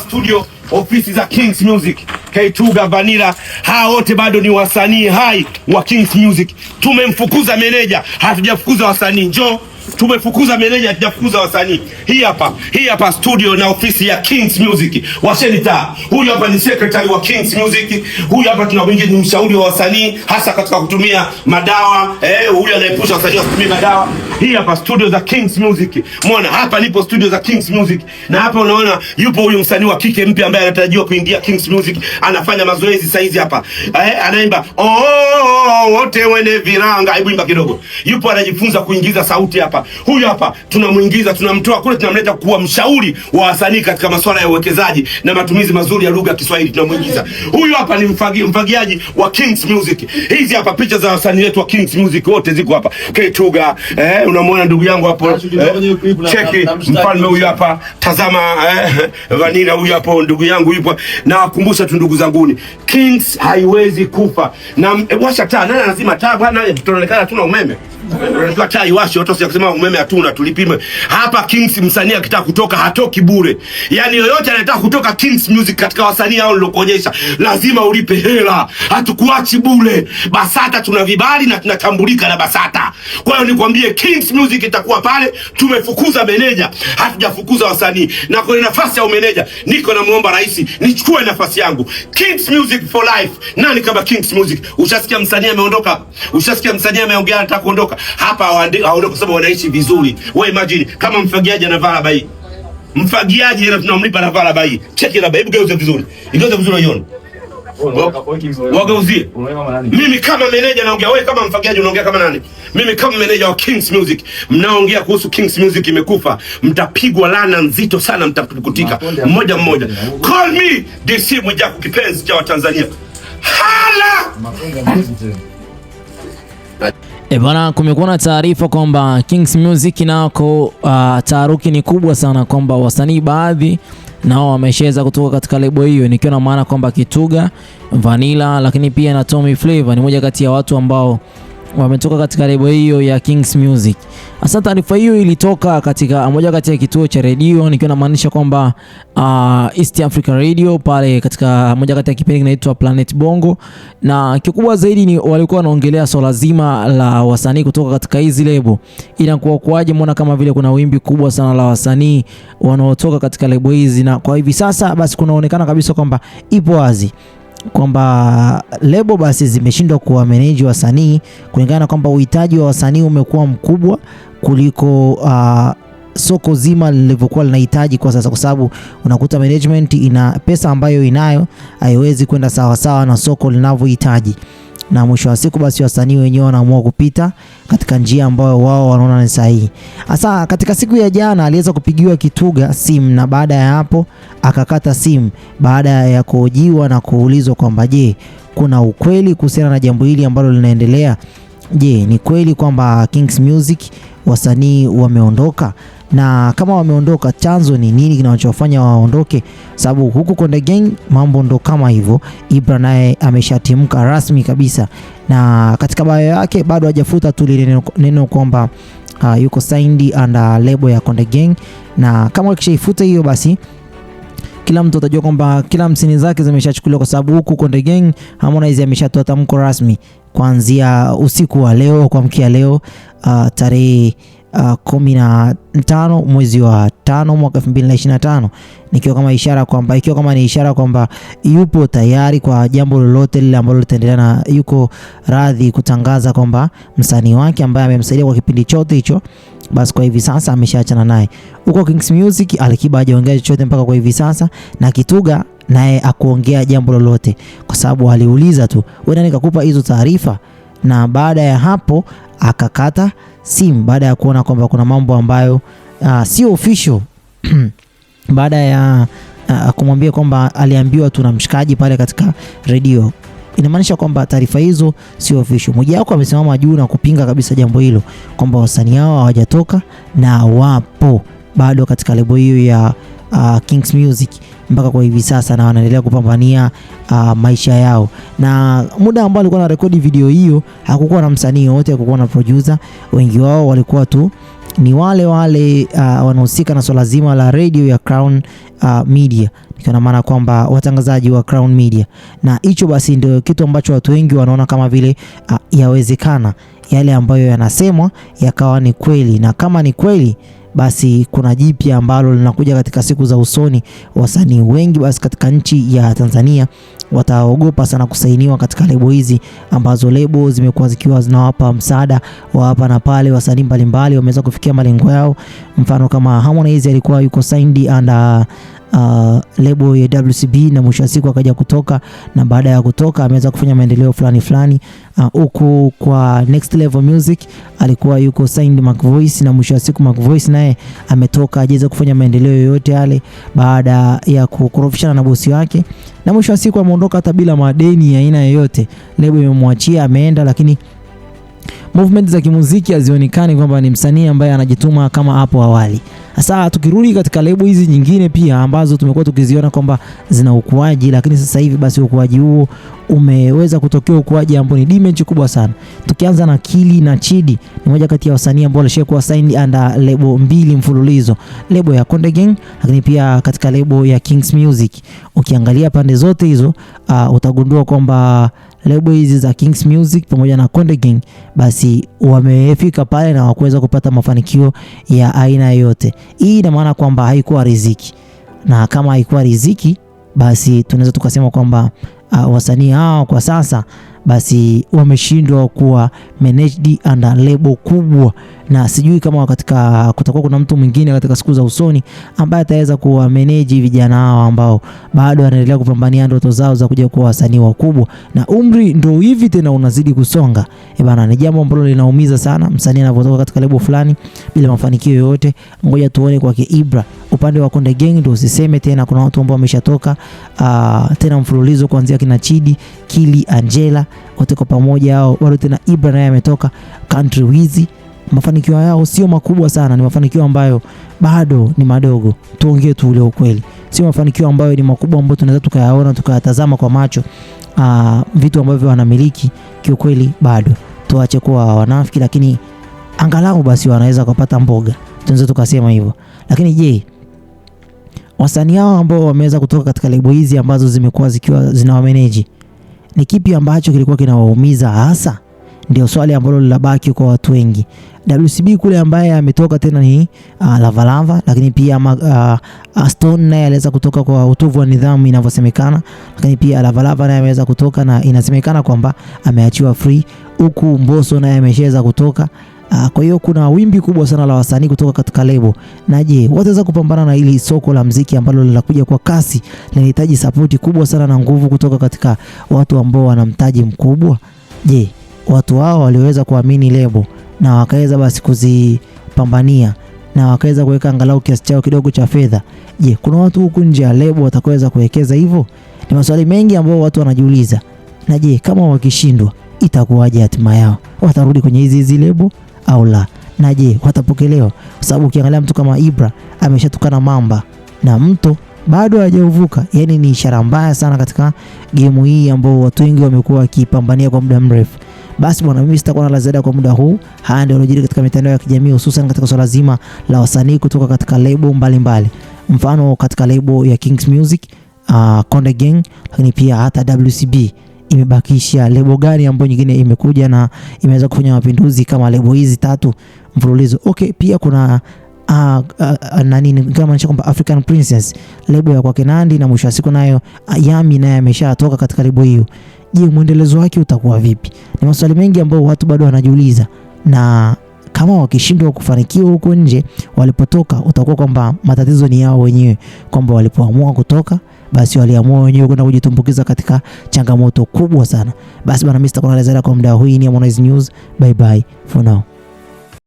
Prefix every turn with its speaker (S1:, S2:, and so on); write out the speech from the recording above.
S1: studio ofisi za Kings Music, K2 Gavanila, hawa wote bado ni wasanii hai wa Kings Music. Tumemfukuza meneja, hatujafukuza wasanii. Njoo tumefukuza meneja, hatujafukuza wasanii. Hii hapa hii hapa studio na ofisi ya Kings Music. Washeni taa. Huyu hapa ni secretary wa Kings Music. Huyu hapa tuna wengine ni mshauri wa wasanii hasa katika kutumia madawa. Eh, huyu anaepusha wasanii kutumia madawa. Hii hapa studio za Kings Music. Muona hapa lipo studio za Kings Music. Na hapa unaona yupo huyu msanii wa kike mpya ambaye anatarajiwa kuingia Kings Music, anafanya mazoezi saizi hapa. Eh, anaimba oh, wote wene viranga. Hebu imba kidogo. Yupo anajifunza kuingiza sauti hapa hapa, huyu hapa, tunamuingiza, tunamtoa kule, tunamleta kuwa mshauri wa wasanii katika masuala ya uwekezaji na matumizi mazuri ya lugha ya Kiswahili. Tunamuingiza huyu hapa, ni mfagi, mfagiaji wa Kings Music. Hizi hapa picha za wasanii wetu wa Kings Music wote ziko hapa. Ketuga, eh, unamwona ndugu yangu hapo eh, cheki mfalme huyu hapa, tazama eh, vanina huyu hapo, ndugu yangu yupo. Na wakumbusha tu ndugu zanguni, Kings haiwezi kufa na eh, washa taa. Nani anazima taa bwana? Tunaonekana tuna umeme. Unajua taa iwashe watu wasije kusema umeme hatuna tulipime. Hapa Kings msanii akitaka kutoka hatoki bure. yani yoyote anataka kutoka Kings Music katika wasanii hao nilokuonyesha lazima ulipe hela. Hatukuachi bure. Basata tuna vibali na tunatambulika na Basata. Kwa hiyo nikwambie Kings Music itakuwa pale tumefukuza meneja, hatujafukuza wasanii. Na kwa nafasi ya umeneja niko namuomba rais nichukue nafasi yangu. Kings Music for life. Nani kama Kings Music? Ushasikia msanii ameondoka? Ushasikia msanii ameongea anataka kuondoka? hapa hapa, hawaondoki kwa sababu wanaishi vizuri. Wewe imagine kama mfagiaji anavaa labai, mfagiaji na tunamlipa anavaa labai, cheki labai, hebu geuze vizuri, igeuze vizuri, uione wageuzie. Mimi kama meneja naongea, wewe kama mfagiaji unaongea kama nani? Mimi kama meneja wa Kings Music, mnaongea kuhusu Kings Music imekufa, mtapigwa lana nzito sana, mtapukutika mmoja mmoja. Call me DC Mwijaku, kipenzi cha Watanzania. Hala!
S2: E bwana, kumekuwa na taarifa kwamba Kings Music nako uh, taharuki ni kubwa sana kwamba wasanii baadhi nao wameshaweza kutoka katika lebo hiyo, nikiwa na maana kwamba Kituga, Vanilla, lakini pia na Tommy Flavor ni moja kati ya watu ambao wametoka katika lebo hiyo ya Kings Music. Hasa taarifa hiyo ilitoka katika moja kati ya kituo cha redio, nikiwa namaanisha kwamba uh, East Africa Radio pale katika moja kati ya kipindi kinaitwa Planet Bongo, na kikubwa zaidi ni walikuwa wanaongelea swala zima la wasanii kutoka katika hizi lebo. Inakuwa kuaje, mbona kama vile kuna wimbi kubwa sana la wasanii wanaotoka katika lebo hizi, na kwa hivi sasa basi kunaonekana kabisa kwamba ipo wazi kwamba lebo basi zimeshindwa kuwameneji wasanii kulingana na kwamba uhitaji wa wasanii umekuwa mkubwa kuliko uh, soko zima lilivyokuwa linahitaji kwa sasa, kwa sababu unakuta management ina pesa ambayo inayo haiwezi kwenda sawasawa na soko linavyohitaji na mwisho wa siku basi wasanii wenyewe wanaamua kupita katika njia ambayo wao wanaona ni sahihi. Hasa katika siku ya jana aliweza kupigiwa Kituga simu na baada ya hapo akakata simu baada ya kuhojiwa na kuulizwa kwamba je, kuna ukweli kuhusiana na jambo hili ambalo linaendelea? Je, ni kweli kwamba Kings Music wasanii wameondoka? na kama wameondoka, chanzo ni nini kinachofanya waondoke? Sababu huku Konde Gang mambo ndo kama hivyo. Ibra naye ameshatimka rasmi kabisa, na katika bayo yake bado hajafuta tu lile neno, neno kwamba uh, yuko signed under label ya Konde Gang, na kama akishaifuta hiyo basi kila mtu atajua kwamba kila msini zake zimeshachukuliwa, kwa sababu huku Konde Gang Harmonize ameshatoa tamko rasmi kuanzia usiku wa leo kuamkia leo uh, tarehe kumi na tano mwezi wa tano mwaka 2025 nikiwa kama ishara kwamba ikiwa kama ni ishara kwamba yupo tayari kwa jambo lolote lile ambalo litaendelea na yuko radhi kutangaza kwamba msanii wake ambaye amemsaidia kwa kipindi chote hicho basi kwa hivi sasa ameshaachana naye. Huko Kings Music Alikiba hajaongea chochote mpaka kwa hivi sasa, na Kituga naye akuongea jambo lolote, kwa sababu aliuliza tu wewe, nani kakupa hizo taarifa? Na baada ya hapo akakata simu baada ya kuona kwamba kuna mambo ambayo uh, sio official baada ya uh, kumwambia kwamba aliambiwa tuna mshikaji pale katika redio inamaanisha kwamba taarifa hizo sio official. Mmoja wako amesimama juu na kupinga kabisa jambo hilo kwamba wasanii hao hawajatoka na wapo bado katika lebo hiyo ya uh, Kings Music mpaka kwa hivi sasa na wanaendelea kupambania uh, maisha yao. Na muda ambao alikuwa anarekodi video hiyo hakukuwa na msanii yoyote, hakukuwa na producer. Wengi wao walikuwa tu ni wale wale uh, wanahusika na swala zima la radio ya Crown uh, Media, ikiwa na maana kwamba watangazaji wa Crown Media, na hicho basi ndio kitu ambacho watu wengi wanaona kama vile uh, yawezekana yale ambayo yanasemwa yakawa ni kweli, na kama ni kweli basi kuna jipya ambalo linakuja katika siku za usoni. Wasanii wengi basi katika nchi ya Tanzania wataogopa sana kusainiwa katika lebo hizi ambazo lebo zimekuwa zikiwa zinawapa msaada wa hapa na pale wasanii mbalimbali wameweza kufikia malengo yao. Mfano kama Harmonize alikuwa yuko signed under uh, lebo ya WCB na mwisho wa siku akaja kutoka, na baada ya kutoka ameweza kufanya maendeleo fulani fulani uh, huku uh, kwa Next Level Music alikuwa yuko signed Mac Voice, na mwisho wa siku Mac Voice naye ametoka ajeza kufanya maendeleo yoyote yale baada ya kukorofishana na bosi wake, na mwisho wa siku ameondoka hata bila madeni ya aina yoyote. Lebo imemwachia ameenda, lakini movement za kimuziki hazionekani kwamba ni msanii ambaye anajituma kama hapo awali. Sasa tukirudi katika lebo hizi nyingine pia ambazo tumekuwa tukiziona kwamba zina ukuaji, lakini sasa hivi basi ukuaji huo umeweza kutokea ukuaji ambao ni dimension kubwa sana. Tukianza na Kili na Chidi, ni moja kati ya wasanii ambao walishakuwa signed under lebo mbili mfululizo, lebo ya Konde Gang, lakini pia katika lebo ya Kings Music. Ukiangalia pande zote hizo uh, utagundua kwamba lebo hizi za Kings Music pamoja na Konde Gang, basi wamefika pale na wakuweza kupata mafanikio ya aina yoyote. Hii ina maana kwamba haikuwa riziki, na kama haikuwa riziki, basi tunaweza tukasema kwamba uh, wasanii hao kwa sasa basi wameshindwa kuwa managed under lebo kubwa, na sijui kama katika kutakuwa kuna mtu mwingine katika siku za usoni ambaye ataweza kuwa manage vijana hao ambao bado wanaendelea kupambania ndoto zao za kuja kuwa wasanii wakubwa, na umri ndio hivi tena unazidi kusonga. E bana, ni jambo ambalo linaumiza sana msanii anapotoka katika lebo fulani bila mafanikio yoyote. Ngoja tuone kwa Ibra upande wa Konde Gang, ndio usiseme tena, kuna watu ambao wameshatoka tena mfululizo kuanzia kina Chidi, Kili, Angela wote kwa pamoja hao. Bado tena Ibra naye ametoka Country wizi. Mafanikio yao sio makubwa sana, ni mafanikio ambayo bado ni madogo, tuongee tu ule ukweli. Sio mafanikio ambayo ni makubwa ambayo tunaweza tukayaona tukayatazama kwa macho. Aa, ah, vitu ambavyo wanamiliki kiukweli bado tuache kuwa wanafiki, lakini angalau basi wanaweza kupata mboga, tunaweza tukasema hivyo. Lakini je, wasanii hao ambao wameweza kutoka katika lebo hizi ambazo zimekuwa zikiwa zinawameneji ni kipi ambacho kilikuwa kinawaumiza hasa? Ndio swali ambalo linabaki kwa watu wengi. WCB kule ambaye ametoka tena ni uh, Lavalava, lakini pia uh, Stone naye aliweza kutoka kwa utovu wa nidhamu inavyosemekana, lakini pia Lavalava naye ameweza kutoka na inasemekana kwamba ameachiwa free, huku mboso naye ameshaweza kutoka Ah, kwa hiyo kuna wimbi kubwa sana la wasanii kutoka katika lebo. Na je, wataweza kupambana na hili soko la mziki ambalo linakuja kwa kasi, linahitaji sapoti kubwa sana na nguvu kutoka katika watu ambao wana mtaji mkubwa? Je, watu hao waliweza kuamini lebo na wakaweza basi kuzipambania na wakaweza kuweka angalau kiasi chao kidogo cha fedha. Je, kuna watu huku nje ya lebo watakaweza kuwekeza hivyo? Ni maswali mengi ambayo watu wanajiuliza. Na je, kama wakishindwa itakuwaje hatima yao? Watarudi kwenye hizi hizi lebo? au la, na je watapokelewa? Kwa sababu ukiangalia mtu kama Ibra ameshatukana Mamba na mto bado hajauvuka, yani ni ishara mbaya sana katika gemu hii ambao watu wengi wamekuwa wakipambania kwa muda mrefu. Basi bwana, mimi sitakuwa na la ziada kwa muda huu. Haya ndio yanajiri katika mitandao ya kijamii, hususan katika swala zima la wasanii kutoka katika lebo mbalimbali, mfano katika lebo ya Kings Music, uh, Konde Gang, lakini pia hata WCB imebakisha lebo gani ambayo nyingine imekuja na imeweza kufanya mapinduzi kama lebo hizi tatu mfululizo. Okay, pia kuna Uh, uh, nani kama nisha kwamba African Princess lebo ya kwake Nandi, na mwisho wa siku nayo Yami naye ameshatoka katika lebo hiyo. Je, mwendelezo wake utakuwa vipi? Ni maswali mengi ambayo watu bado wanajiuliza, na kama wakishindwa kufanikiwa huko nje walipotoka, utakuwa kwamba matatizo ni yao wenyewe, kwamba walipoamua kutoka basi waliamua wenyewe kwenda kujitumbukiza katika changamoto kubwa sana. Basi bwana, mimi sitakuwa na kwa muda huu. Ni Harmonize News, bye bye for now.